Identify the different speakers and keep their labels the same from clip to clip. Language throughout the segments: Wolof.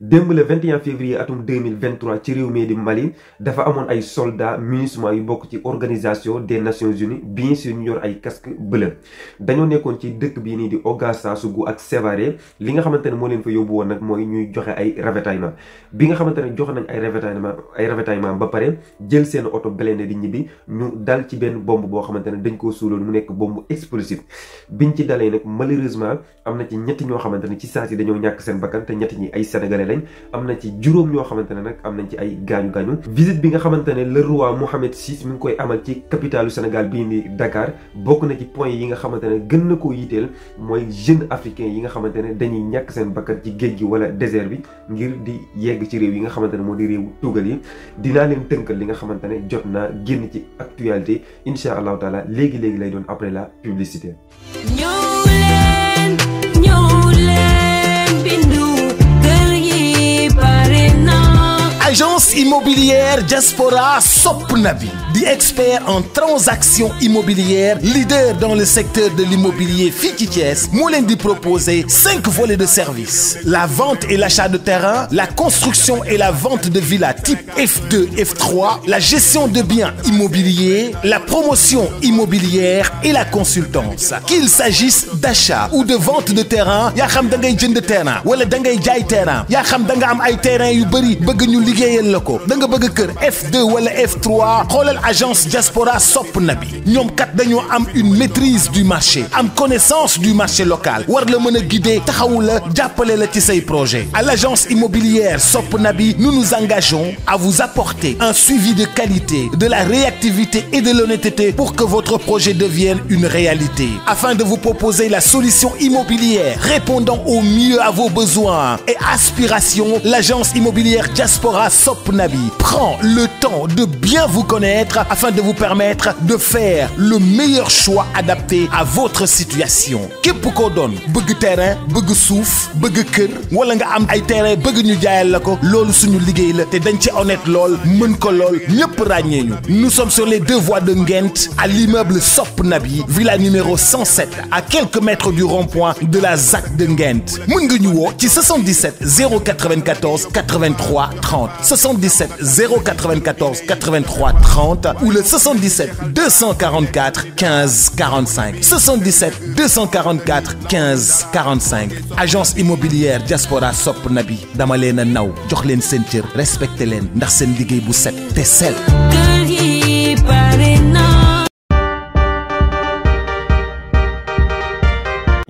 Speaker 1: démb le 21 février atum 2023 ci réew mi di Mali dafa amoon ay soldats MINUSMA yu bokk ci organisation des nations unies bien sûr ñu yor ay casque bleu dañoo nekkoon ci dëkk bii nii di Ouagassogou ak Sévaré li nga xamante ne moo leen fa yóbbu woon nag mooy ñuy joxe ay ravitaillement bi nga xamante ne joxe nañ ay ravitaillement ay ravitaillement ba pare jël seen oto blindé di ñibbi ñu dal ci benn bomb boo xamante ne dañ koo suuloon mu nekk bomb explosif biñ ci dalee nag malheureusement am na ci ñetti ñoo xamante ne ci saa dañoo ñàkk seen bakkan te ñi ay sénégalais lañ am na ci juróom ñoo xamante ne nag am nañ ci ay gaañu gaañu visite bi nga xamante ne le roi Mohammed VI mi ngi koy amal ci capitalu Sénégal bii ni Dakar bokk na ci point yi nga xamante ne gën na ko yiiteel mooy jeune africains yi nga xamante ne dañuy ñàkk seen bakkat ci géej gi wala désert bi ngir di yegg ci réew yi nga xamante ne moo di réewu tugal yi dinaa leen tënkal li nga xamante ne jot naa génn ci actualité incha allahu taala léegi-léegi lay doon après la publicité
Speaker 2: Immobilière Diaspora Sopnavi, di expert en transactions immobilières, leader dans le secteur de l'immobilier Fitiches, Moulin dit proposer cinq volets de services. la vente et l'achat de terrain la construction et la vente de villas type F2 F3 la gestion de biens immobiliers la promotion immobilière et la consultance qu'il s'agisse d'achat ou de vente de terrain terrain terrain terrain F2 wala F3 xoolal agence diaspora Sopnabi. Nous kat am une maîtrise du marché am connaissance du marché local war la mën guider taxawu la la ci projet à l'agence immobilière Sopnabi, nous nous engageons à vous apporter un suivi de qualité de la réactivité et de l'honnêteté pour que votre projet devienne une réalité afin de vous proposer la solution immobilière répondant au mieux à vos besoins et aspirations l'agence immobilière diaspora Sopnabi prend le temps de bien vous connaître afin de vous permettre de faire le meilleur choix adapté à votre situation képp ko doon bëgg terrain bëgg souf, bëgg kër wala nga am ay terrain bëgg ñu jaayal lako ko loolu suñu liggéey la té dañ ci honnête lool mën ko lool ñëpp nous sommes sur les deux voies de à l'immeuble Sopnabi, villa numéro 107 à quelques mètres du rond-point de la ZAC de Ngent. mën nga ñu wo ci 77 094 83 30 77 094 83 30 ou le 77 244 15 45 77 244 15 45 agence immobilière Diaspora Soprnabi Damalena Nao, dama Sentir Sentir naw jox leen Tessel.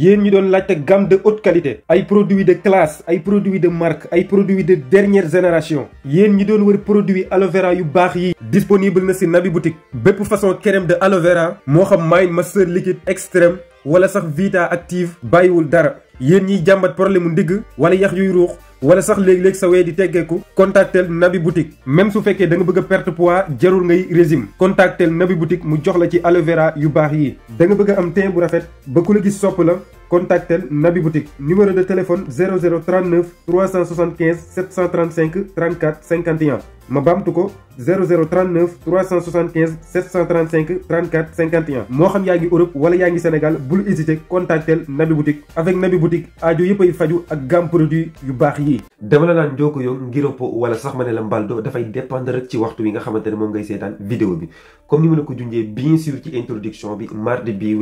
Speaker 1: yeen ñu doon laajte gamme de haute qualité des produits de classe des produits de marque des produits de dernière génération yeen ñi doon wër produit aloe vera yu baax yi disponible na ci nabi Boutique bépp façon crème de aloe vera moo xam Mind Master liquide extrême wala sax Vita active bàyyiwul dara yéen ñiy jàmbat problème mu ndigg wala yax yuy ruux wala sax léeg-léeg sa wee di teggeeku contactel Nabi Boutique même su fekkee da nga bëgg perte pois jarul ngay régime contactel Nabi Boutique mu jox la ci aloe yu baax yi danga nga bëgg am teint bu rafet ba ku la gis sopp la Contactez Nabi Boutique numéro de téléphone 0039 375 735 34 51 ma Touko 0039 375 735 34 51 Moham yagi yaa Europe ou yaa Sénégal boule hésiter contactel Nabi Boutique avec Nabi Boutique aajo yëpp ay faju ak gamme produit yu baax yi. dama la vous ko yon ngiropo wala sax la fay dépendre ci waxtu yi nga vidéo comme ni bien sûr ci introduction bi mardi bi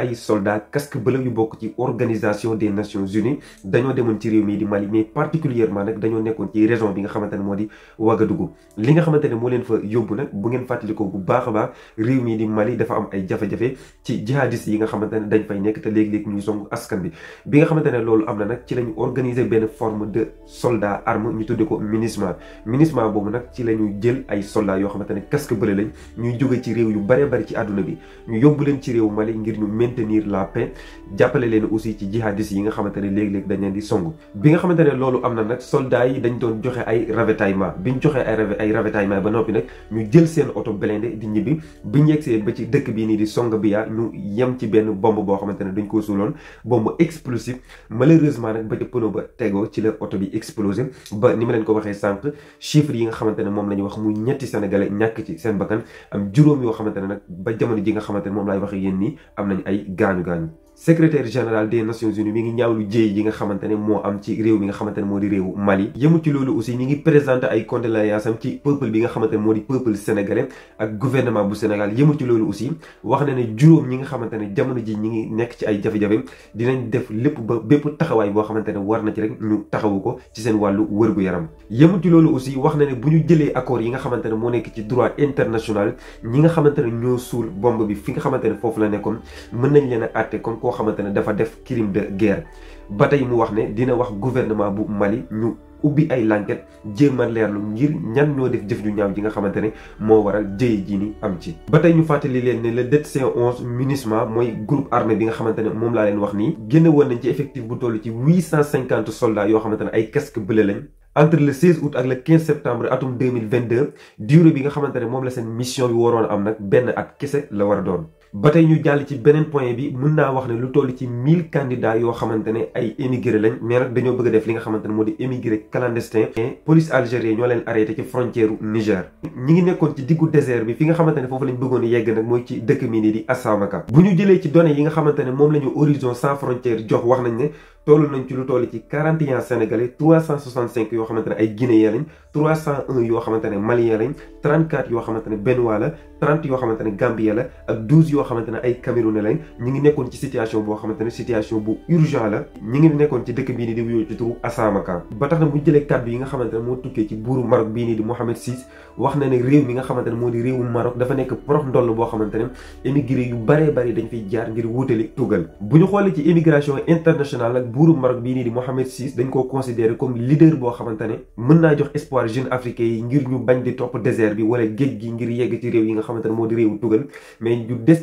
Speaker 1: ay soldats casque bleu yu bokk ci organisation des nations unies daño demoon ci réew mi di Mali mais particulièrement nak daño nekkoon ci région bi nga xamantene modi moo di Ouagadougou li nga xamantene mo moo leen fa yobbu nak bu ngeen ko bu baax ba baax réew mii di Mali dafa am ay jafe-jafe ci jihadistes yi nga xamantene dañ fay nekk te léegi-léegi ñuy song askan bi bi nga xamantene lolu amna nak ci lañu organiser ben forme de soldat arme ñu tudde ko MINUSMA MINUSMA boobu nak ci lañu jël ay soldat yo xamantene casque bleu lañ ñuy jóge ci réew yu bari bari ci aduna bi ñu yobbu leen ci réew Mali ngir ñu maintenir la paix jàppale leen aussi ci jihadistes yi nga xamante ne léegi-léegi dañ leen di song bi nga xamante ne loolu am na nag soldats yi dañ doon joxe ay ravitaillement bi ñu joxee ay ay ravitaillement ba noppi nag ñu jël seen oto blindé di ñibbi bi ñu ba ci dëkk bii nii di song bi yaa ñu yem ci benn bomb boo xamante ne dañ ko suuloon bomb explosif malheureusement nag ba ca pneu ba tegoo ci la oto bi explosé ba ni ma leen ko waxee sànq chiffres yi nga xamante ne moom la ñu wax mu ñetti sénégalais ñàkk ci seen bakkan am juróom yoo xamante ne nag ba jamono ji nga xamante ne moom laay wax yéen nii am nañ ay Gun, gun. secretaire général des nations unies mi ngi ñaawlu jéey yi nga xamante ne moo am ci réew mi nga xamante ne moo di réewu Mali yëmu ci loolu aussi ñi ngi présenté ay condoléances am ci peuple bi ne moo di peuple sénégalais ak gouvernement bu Sénégal yëmu ci loolu aussi wax na ne juróom ñi nga xamante ne jamono ji ñi ngi nekk ci ay jafe-jafe dinañ def lépp ba bépp taxawaay boo xamante ne war na ci rek ñu taxawu ko ci seen wàllu wër-gu-yaram yëmu ci loolu aussi wax na ne bu ñu jëlee accord yi nga xamante ne moo nekk ci droit international ñi nga xamante ne ñoo suul bomb bi fi nga xamante ne foofu la nekkoon mën koo xamante ne dafa def crime de guerre ba tey mu wax ne dina wax gouvernement bu Mali ñu ubbi ay lanket jéem a leerlu ngir ñan ñoo def jëf ju ñaaw ji nga xamante ne moo waral jëye ji ni am ci. ba ñu fàttali leen ne le det mooy groupe armé bi nga xamante ne moom laa leen wax nii génne woon nañ ci effectif bu toll ci 850 soldats yoo xamante ne ay casque bleu lañ. entre le 16 août ak le 15 septembre atum 2022 durée bi nga xamante ne moom la seen mission bi waroon a am nag benn at kese la war a doon. ba tey ñu jàll ci beneen point bi mën naa wax ne lu toll ci mille candidats yoo xamante ne ay émigré lañ mais nag dañoo bëgg def li nga xamante ne moo di émigré clandestin police algérien ñoo leen arrêté ci frontière Niger ñi ngi nekkoon ci diggu désert bi fi nga xamante ne foofu lañ bëggoon yegg nag mooy ci dëkk mi nii di Assamaka bu ñu jëlee ci données yi nga xamante moom la ñu horizon sans frontière jox wax nañ ne toll nañ ci lu toll ci 41 sénégalais yoo xamante ne ay guinéen lañ 301 yoo xamante ne malien lañ 34 yoo xamante ne yoo xamante ne ay Camerounais lañ ñi ngi nekkoon ci situation boo xamante ne situation bu urgent la ñi ngi nekkoon ci dëkk bii nii di wuyoo ci turu Assama Kan ba tax na bu ñu kàddu yi nga xamante moo tukkee ci buuru Maroc bii nii di Mohamed VI wax na ne réew mi nga xamante ne moo di réewu Maroc dafa nekk prox ndoll boo xamante ne émigré yu baree bari dañ fiy jaar ngir wuutali tugal bu ñu xoolee ci immigration internationale ak buuru Maroc bii nii di Mohamed VI dañ koo considéré comme leader boo xamante ne mën naa jox espoir jeunes africains ngir bañ di topp désert bi wala géej gi ngir yegg ci réew yi nga xamante ne moo di réewu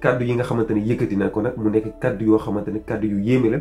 Speaker 1: kaddu yi nga xamante ne yëkkati na ko nag mu nekk kaddu yoo xamante ne kaddu yu yéeme la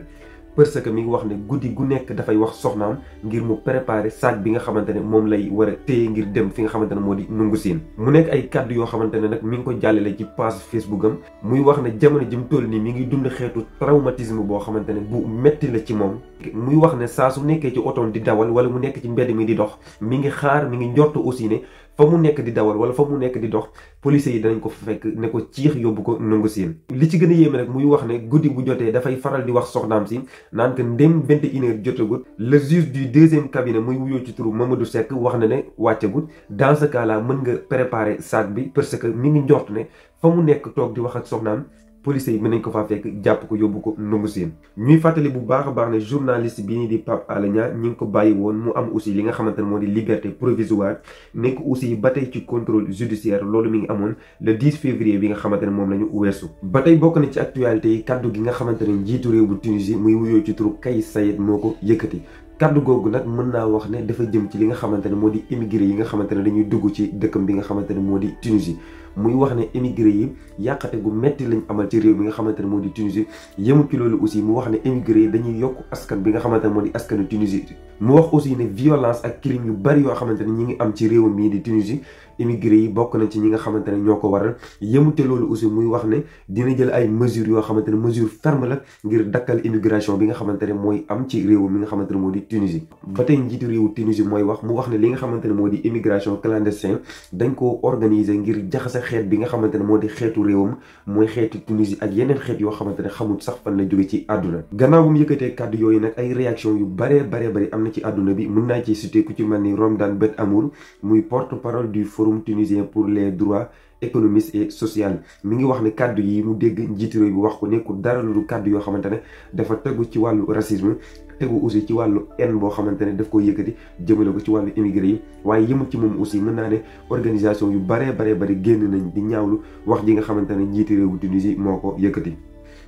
Speaker 1: parce que mi ngi wax ne guddi gu nekk dafay wax soxnaam ngir mu préparer saag bi nga xamante ne moom lay war a téye ngir dem fi nga xamante ne moo di nungu siin mu nekk ay kàddu yoo xamante ne nag mi ngi ko jàllale ci page Facebook am muy wax ne jamono ji mu toll nii mi ngi dund xeetu traumatisme boo xamante ne bu metti la ci moom muy wax ne saa su nekkee ci otoon di dawal wala mu nekk ci mbedd mi di dox mi ngi xaar mi ngi njort aussi ne famu nek di dawal wala famu nek di dox police yi dañ ko fekk ne ko ciix yóbbu ko nangu siin li ci gëna a yéeme muy wax ne goudi bu joté da fay faral di wax soxnam si naan que ndem 21h une heure jotagut le juge du deuxième cabinet muy wuyoo ci turu Mamadou Seck wax na ne waccagut dans ce cas là mën nga préparer sac bi parce que mi ngi njort ne famu nek tok di wax ak soxnam police yi mën nañ ko faa fekk jàpp ko yóbbu ko ndungu siin ñuy fàttali bu baax a baax ne journaliste bi ni di Pape Alé ñi ngi ko bàyyi woon mu am aussi li nga xamante ne moo di liberté provisoire nekk aussi ba tey ci contrôle judiciaire loolu mi ngi amoon le 10 février bi nga xamante ne moom la ñu weesu ba tey bokk na ci actualité yi kaddu gi nga xamante ne njiitu réew bu Tunisie muy wuyoo ci turu Kais Saied moo ko yëkkati kàddu googu nag mën naa wax ne dafa jëm ci li nga xamante ne moo di immigré yi nga xamante ne dañuy dugg ci dëkkam bi nga xamante ne moo di Tunisie muy wax ne immigré yi yàqate gu metti lañ amal ci réew mi nga xamante ne moo di Tunisie yemu ci loolu aussi mu wax ne immigré yi dañuy yokk askan bi nga xamante ne moo di askanu Tunisie mu wax aussi ne violence ak crime yu bari yoo xamante ne ñi ngi am ci réew mii di Tunisie immigré yi bokk nañ ci ñi nga xamante ne ñoo ko waral yemute loolu aussi muy wax ne dina jël ay mesures yoo xamante ne mesure ferme la ngir dakkal immigration bi nga xamante ne mooy am ci réew mi nga xamante ne moo di Tunisie ba tey njiitu réewu Tunisie mooy wax mu wax ne li nga xamante ne moo di immigration clandestine dañ ko organiser ngir jaxase xeet bi nga xamante ne moo di xeetu réewam mooy xeetu Tunisie ak yeneen xeet yoo xamante ne xamul sax fan la jóge ci àdduna gannaaw bu mu yëkkatee yooyu nag ay yu baree baree bari na ci àdduna bi mën naa ci cité ku ci mel ni Ramdan Bet Amour muy porte-parole du forum tunisien pour les droits économique et social mi ngi wax ne kàddu yi mu dégg njiitu réew bi wax ko nekkul dara lu kàddu yoo xamante ne dafa tegu ci wàllu racisme tegu aussi ci wàllu haine boo xamante ne daf ko yëkkati jëmale ko ci wàllu immigré yi waaye yëmu ci moom aussi mën naa ne organisation yu baree baree bari génn nañ di ñaawlu wax ji nga xamante ne njiitu réew Tunisie moo ko yëkkati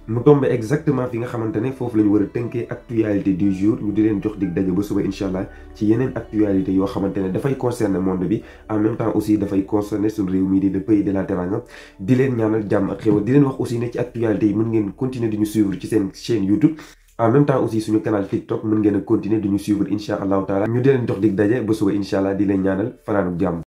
Speaker 1: mu tombe exactement fi nga xamante ne foofu la ñu war a tënkee actualité du jour ñu di leen jox dig daje ba suba incha allah ci yeneen yoo xamante ne dafay concerner monde bi en même temps leen ñaanal jàmm ak leen wax ngeen continuer di ñu suivre ci ñu suivre incha allahu taala ñu di leen jox dig daje ba suba incha allah di leen ñaanal fanaanu jàmm.